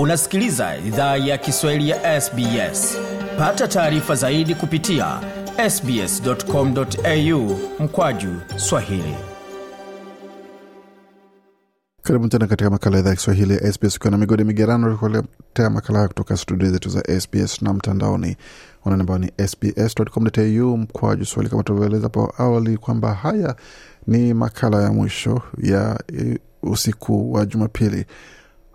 unasikiliza idhaa ya kiswahili ya sbs pata taarifa zaidi kupitia sbscomau mkwaju swahili karibu tena katika makala idhaa ya kiswahili ya sbs ukiwa na migodi migerano kuletea makala haya kutoka studio zetu za sbs na mtandaoni wanaone ambao ni sbscomau mkwaju swahili kama tulivyoeleza po awali kwamba haya ni makala ya mwisho ya usiku wa jumapili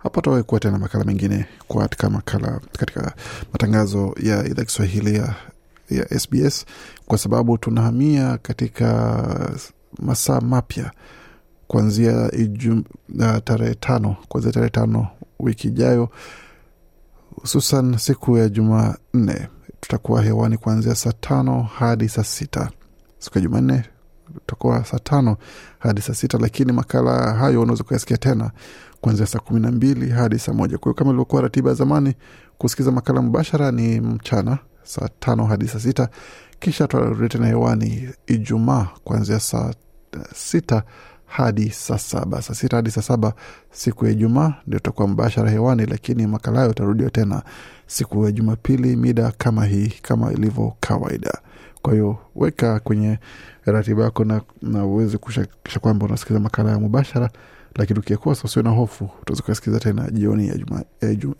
hapo tutakuwa tena makala mengine kwa katika makala katika matangazo ya idhaa Kiswahili ya, ya SBS kwa sababu tunahamia katika masaa mapya kuanzia uh, tarehe tano kuanzia tarehe tano wiki ijayo, hususan siku ya Jumanne tutakuwa hewani kuanzia saa tano hadi saa sita siku ya Jumanne tutakuwa saa tano hadi saa sita, lakini makala hayo unaweza kuyasikia tena kuanzia saa kumi na mbili hadi saa moja. Kwa hiyo kama ilivyokuwa ratiba ya zamani, kusikiza makala mubashara ni mchana saa tano hadi saa sita kisha tuarudi tena hewani Ijumaa kuanzia saa eh, sita hadi saa saba saa sita hadi saa saba siku ya Ijumaa ndio tutakuwa mbashara hewani, lakini makala hayo utarudiwa tena siku ya Jumapili mida kama hii, kama ilivyo kawaida. Kwa hiyo weka kwenye ratiba yako na, na uweze kuhakikisha kwamba unasikiliza makala ya mubashara lakini ukikosa usiwe na hofu, utaweza tena jioni ya juma,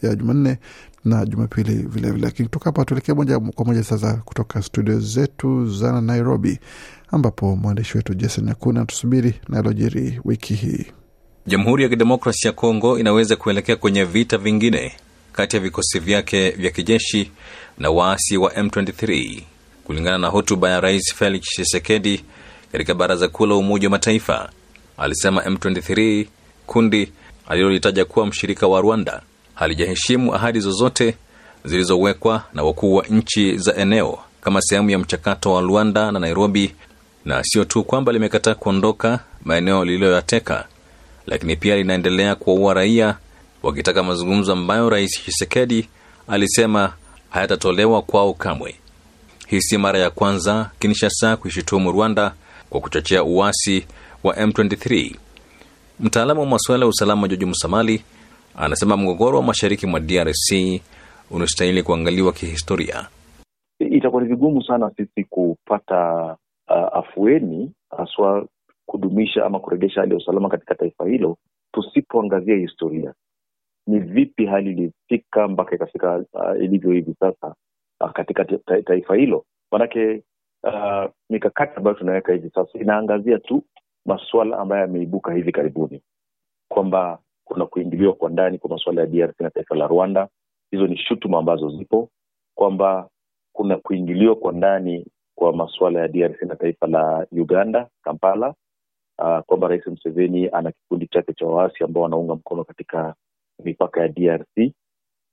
ya Jumanne na Jumapili vilevile. Lakini kutoka hapa tuelekea moja kwa moja sasa kutoka studio zetu za Nairobi, ambapo mwandishi wetu Jason Nyakuna tusubiri nalojiri wiki hii. Jamhuri ya Kidemokrasi ya Kongo inaweza kuelekea kwenye vita vingine kati ya vikosi vyake vya kijeshi na waasi wa M23 kulingana na hotuba ya Rais Felix chisekedi katika Baraza Kuu la Umoja wa Mataifa alisema M23, kundi alilolitaja kuwa mshirika wa Rwanda, halijaheshimu ahadi zozote zilizowekwa na wakuu wa nchi za eneo kama sehemu ya mchakato wa Rwanda na Nairobi, na sio tu kwamba limekataa kuondoka maeneo lililoyateka, lakini pia linaendelea kuwaua raia, wakitaka mazungumzo ambayo Rais Tshisekedi alisema hayatatolewa kwao kamwe. Hii si mara ya kwanza Kinshasa kuishutumu Rwanda kwa kuchochea uasi wa M23. Mtaalamu wa masuala ya usalama Joji Msamali anasema mgogoro wa mashariki mwa DRC unastahili kuangaliwa kihistoria. Itakuwa ni vigumu sana sisi kupata uh, afueni haswa kudumisha ama kurejesha hali ya usalama katika taifa hilo tusipoangazia historia. Ni vipi hali ilifika mpaka ikafika uh, ilivyo hivi sasa uh, katika taifa hilo? Maanake uh, mikakati ambayo tunaweka hivi sasa inaangazia tu maswala ambayo yameibuka hivi karibuni kwamba kuna kuingiliwa kwa ndani kwa masuala ya DRC na taifa la Rwanda. Hizo ni shutuma ambazo zipo kwamba kuna kuingiliwa kwa ndani kwa masuala ya DRC na taifa la Uganda, Kampala, uh, kwamba Rais mseveni ana kikundi chake cha waasi ambao wanaunga mkono katika mipaka ya DRC,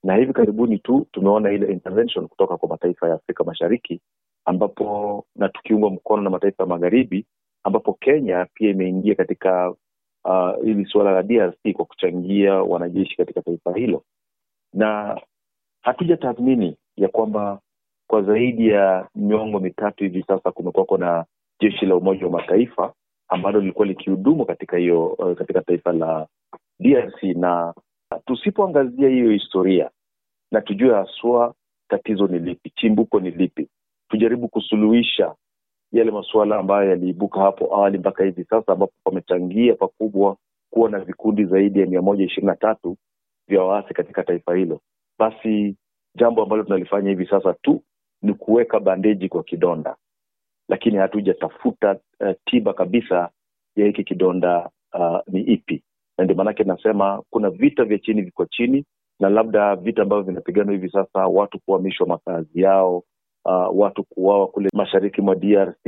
na hivi karibuni tu tumeona ile intervention kutoka kwa mataifa ya Afrika Mashariki ambapo na tukiungwa mkono na mataifa ya magharibi ambapo Kenya pia imeingia katika uh, hili uh, suala la DRC kwa kuchangia wanajeshi katika taifa hilo, na hatuja tathmini ya kwamba kwa zaidi ya miongo mitatu hivi sasa kumekuwako na jeshi la Umoja wa Mataifa ambalo lilikuwa likihudumu katika hiyo uh, katika taifa la DRC, na tusipoangazia hiyo historia na tujue haswa tatizo ni lipi, chimbuko ni lipi, tujaribu kusuluhisha yale masuala ambayo yaliibuka hapo awali mpaka hivi sasa, ambapo pamechangia pakubwa kuwa na vikundi zaidi ya mia moja ishirini na tatu vya waasi katika taifa hilo. Basi jambo ambalo tunalifanya hivi sasa tu ni kuweka bandeji kwa kidonda, lakini hatujatafuta uh, tiba kabisa ya hiki kidonda uh, ni ipi, na ndio maanake nasema kuna vita vya chini viko chini, na labda vita ambavyo vinapiganwa hivi sasa, watu kuhamishwa makazi yao uh, watu kuuawa kule mashariki mwa DRC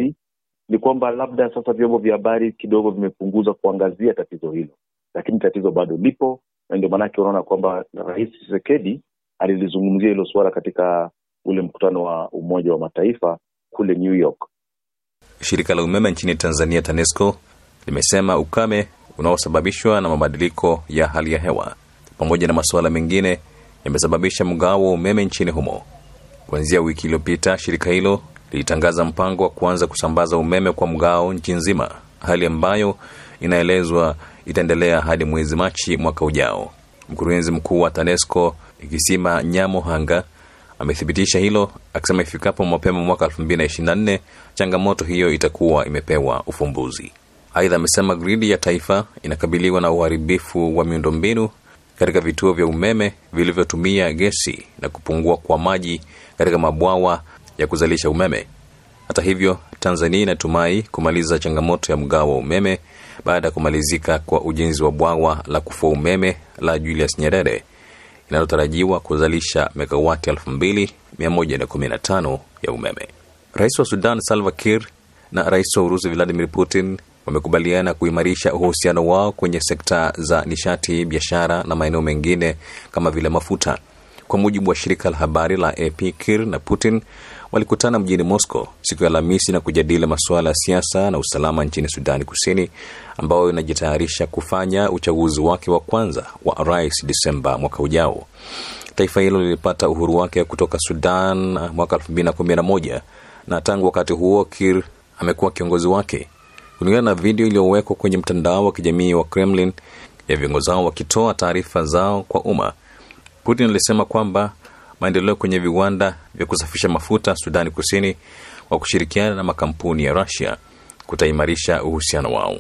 ni kwamba labda sasa vyombo vya habari kidogo vimepunguza kuangazia tatizo hilo, lakini tatizo bado lipo, na ndio maanake unaona kwamba Rais Tshisekedi alilizungumzia hilo suala katika ule mkutano wa Umoja wa Mataifa kule New York. Shirika la umeme nchini Tanzania, TANESCO, limesema ukame unaosababishwa na mabadiliko ya hali ya hewa pamoja na masuala mengine yamesababisha mgao wa umeme nchini humo. Kuanzia wiki iliyopita, shirika hilo lilitangaza mpango wa kuanza kusambaza umeme kwa mgao nchi nzima, hali ambayo inaelezwa itaendelea hadi mwezi Machi mwaka ujao. Mkurugenzi mkuu wa TANESCO Ikisima Nyamohanga amethibitisha hilo akisema ifikapo mapema mwaka 2024 changamoto hiyo itakuwa imepewa ufumbuzi. Aidha amesema gridi ya taifa inakabiliwa na uharibifu wa miundombinu katika vituo vya umeme vilivyotumia gesi na kupungua kwa maji katika mabwawa ya kuzalisha umeme. Hata hivyo, Tanzania inatumai kumaliza changamoto ya mgao wa umeme baada ya kumalizika kwa ujenzi wa bwawa la kufua umeme la Julius Nyerere inalotarajiwa kuzalisha megawati 2115 ya umeme. Rais wa Sudan Salva Kiir na Rais wa Urusi Vladimir Putin wamekubaliana kuimarisha uhusiano wao kwenye sekta za nishati, biashara na maeneo mengine kama vile mafuta. Kwa mujibu wa shirika la habari la AP, Kir na Putin walikutana mjini Moscow siku ya Alhamisi na kujadili masuala ya siasa na usalama nchini Sudani Kusini, ambayo inajitayarisha kufanya uchaguzi wake wa kwanza wa rais Disemba mwaka ujao. Taifa hilo lilipata uhuru wake kutoka Sudan mwaka 2011 na tangu wakati huo Kir amekuwa kiongozi wake kulingana na video iliyowekwa kwenye mtandao wa kijamii wa Kremlin ya viongozi hao wakitoa taarifa zao kwa umma. Putin alisema kwamba maendeleo kwenye viwanda vya kusafisha mafuta Sudani Kusini kwa kushirikiana na makampuni ya Rusia kutaimarisha uhusiano wao.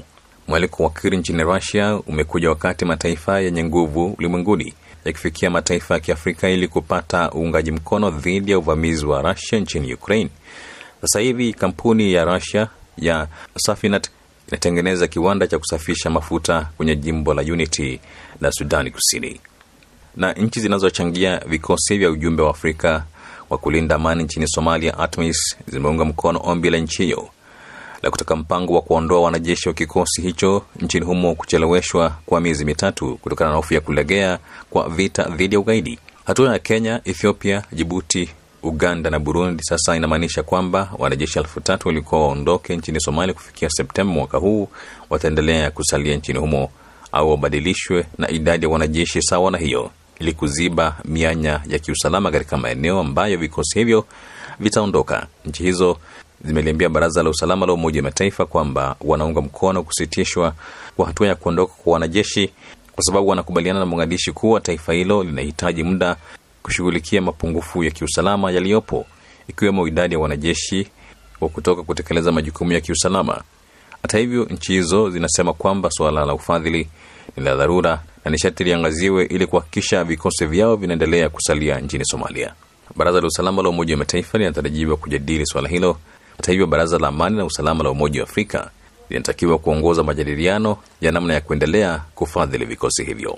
Mwaliko wa kiri nchini Rusia umekuja wakati mataifa yenye nguvu ulimwenguni yakifikia mataifa ya Kiafrika ili kupata uungaji mkono dhidi ya uvamizi wa Rusia nchini Ukraine. Sasa hivi kampuni ya Rusia ya Safinat inatengeneza kiwanda cha kusafisha mafuta kwenye jimbo la Unity la Sudani Kusini. Na nchi zinazochangia vikosi vya ujumbe wa Afrika wa kulinda amani nchini Somalia, ATMIS, zimeunga mkono ombi la nchi hiyo la kutaka mpango wa kuondoa wanajeshi wa kikosi hicho nchini humo kucheleweshwa kwa miezi mitatu kutokana na hofu ya kulegea kwa vita dhidi ya ugaidi. Hatua ya Kenya, Ethiopia, Jibuti Uganda na Burundi. Sasa inamaanisha kwamba wanajeshi elfu tatu walikuwa waondoke nchini Somalia kufikia Septemba mwaka huu wataendelea kusalia nchini humo au wabadilishwe na idadi ya wanajeshi sawa na hiyo, ili kuziba mianya ya kiusalama katika maeneo ambayo vikosi hivyo vitaondoka. Nchi hizo zimeliambia Baraza la Usalama la Umoja wa Mataifa kwamba wanaunga mkono kusitishwa kwa hatua ya kuondoka kwa wanajeshi kwa sababu wanakubaliana na Mogadishu kuwa taifa hilo linahitaji muda kushughulikia mapungufu ya kiusalama yaliyopo ikiwemo idadi ya wanajeshi wa kutoka kutekeleza majukumu ya kiusalama. Hata hivyo, nchi hizo zinasema kwamba suala la ufadhili ni la dharura na nishati liangaziwe ili kuhakikisha vikosi vyao vinaendelea kusalia nchini Somalia. Baraza la Usalama la Umoja wa Mataifa linatarajiwa kujadili suala hilo. Hata hivyo, Baraza la Amani na Usalama la Umoja wa Afrika linatakiwa kuongoza majadiliano ya namna ya kuendelea kufadhili vikosi hivyo.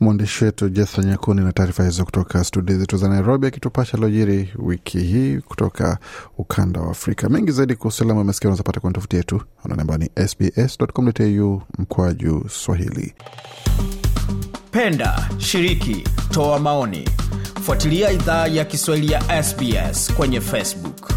Mwandishi wetu Jethra Nyakuni na taarifa hizo kutoka studio zetu za Nairobi, akitupasha lojiri wiki hii kutoka ukanda wa Afrika. Mengi zaidi kuhusu usalama mesikia masikio unazopata kwenye tovuti yetu anaonamba ni sbs.com.au mkwaju swahili. Penda, shiriki, toa maoni, fuatilia idhaa ya Kiswahili ya SBS kwenye Facebook.